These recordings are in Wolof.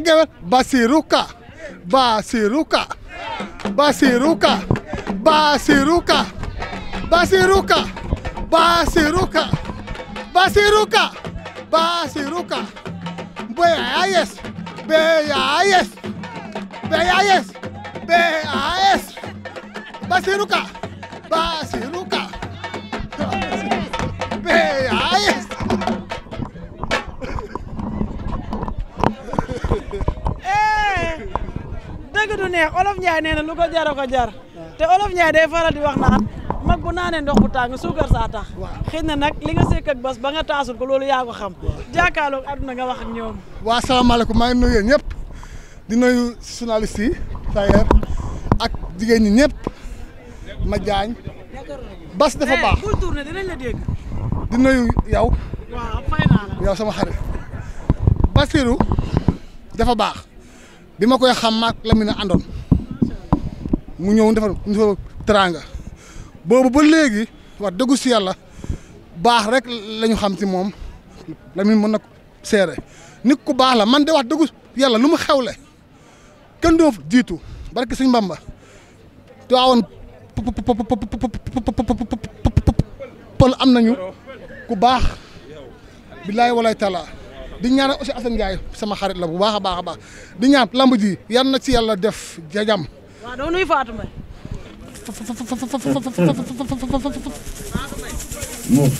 te gewel Basirou Ka Basirou Ka Basirou Ka Basirou Ka Basirou Ka Basirou Ka Basirou Ka Basirou Ka BAS BAS BAS BAS Basirou Ka Basirou Ka neex olof Ndiaye nee lu ko jar a ko jar te olof Ndiaye day faral di wax naan mag bu naanee ndox bu tàng suukar saa tax xëy na nag li nga sekk bas ba nga taasul ko loolu yaa ko xam jàkkaarloog àdduna nga wax ñoom waa salaamaaleykum maa ngi nuyu yéen ñëpp di nuyu journaliste yi ak jigéen ñi ñëpp ma jaañ bas dafa baax eh, di nuyu yow waaw sama xarit Basirou dafa baax bi ma koy xam maak Lamine àndoon mu ñëw defar ñu fa teraanga boobu ba léegi wax dëggu si yàlla baax rek lañu xam ci moom Lamine mën na ko seere nit ku baax la man de wax dëggu yàlla lu mu xewle kenn doo jiitu barke Sëñ Bamba te waawoon pël am nañu ku baax billaay walaay talaa di ñaanal aussi Assane Ndiaye sama xarit la bu baax a baax a baax di ñaan lamb ji yan na ci yàlla def jajam. waaw doo nuyu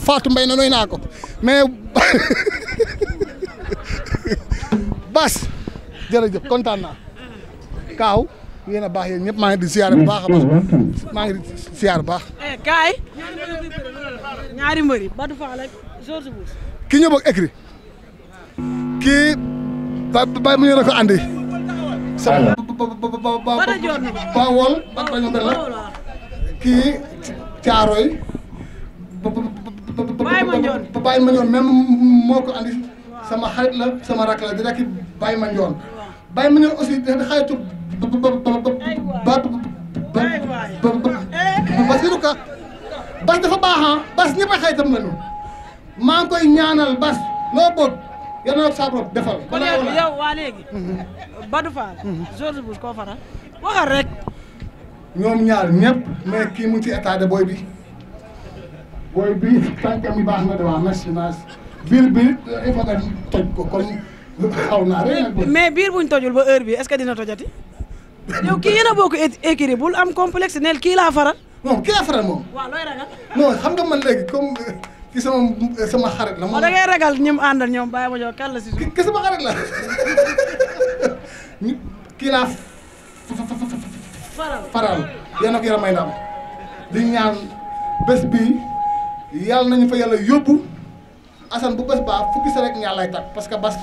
Fatou Mbaye. na nuyu naa ko mais Bas jërëjëf kontaan naa Kaaw yéen baax yéen ñëpp maa ngi di ziar bu baax a baax maa ngi di ziar eh, Kaay ki ñëw ak kii ba ba mu yore ko andi. sama ba ba ba ba ba wol ba ba ñu la ko andi sama xarit la sama rak la di rek ma ñoon bàyyi ma ñoon aussi dafa xaritu ba ba ba ba Basiru dafa baax ah Bas ñëpp a xaritam maa koy ñaanal Bas loo bëgg yal na sa bopp defal. kon yow waa léegi. Mhm. Badou Fall. koo faral waxal rek. ñoom ñaar ñëpp mais kii mu ci état booy bi booy bi tànkam baax na de waa merci merci biir bi il faut nga toj ko kon xaw naa rek. biir buñ tojul ba heure bi est-ce dina tojati. yow kii yéen a bokk écrit bul am complexe neel kii laa faral. non kii laa faral moom. waaw looy ragal. non xam nga léegi Oh, ki sama xarit la. moom da ngay ragal ñi ñoom bàyyi ma jox kan la si suuf. ki sama xarit la kii laa faral faral yéen ak yaramay ndam di ñaan bés bi yàlla nañu fa yàlla yóbbu Assane bu bés baa fukki sa rek ñaar lay tag parce que bas.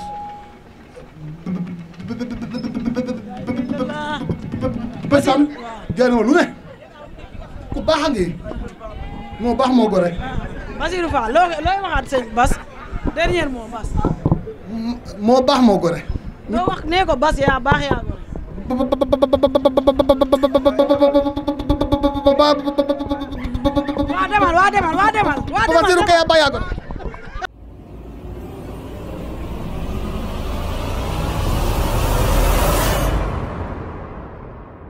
bésam lu ne ku baax a moo baax moo gore Basirou fa loo looy waxaat sëñ Bas dernier mot Bas. moo baax moo gore. loo wax nee ko Bas yaa baax yaa gore.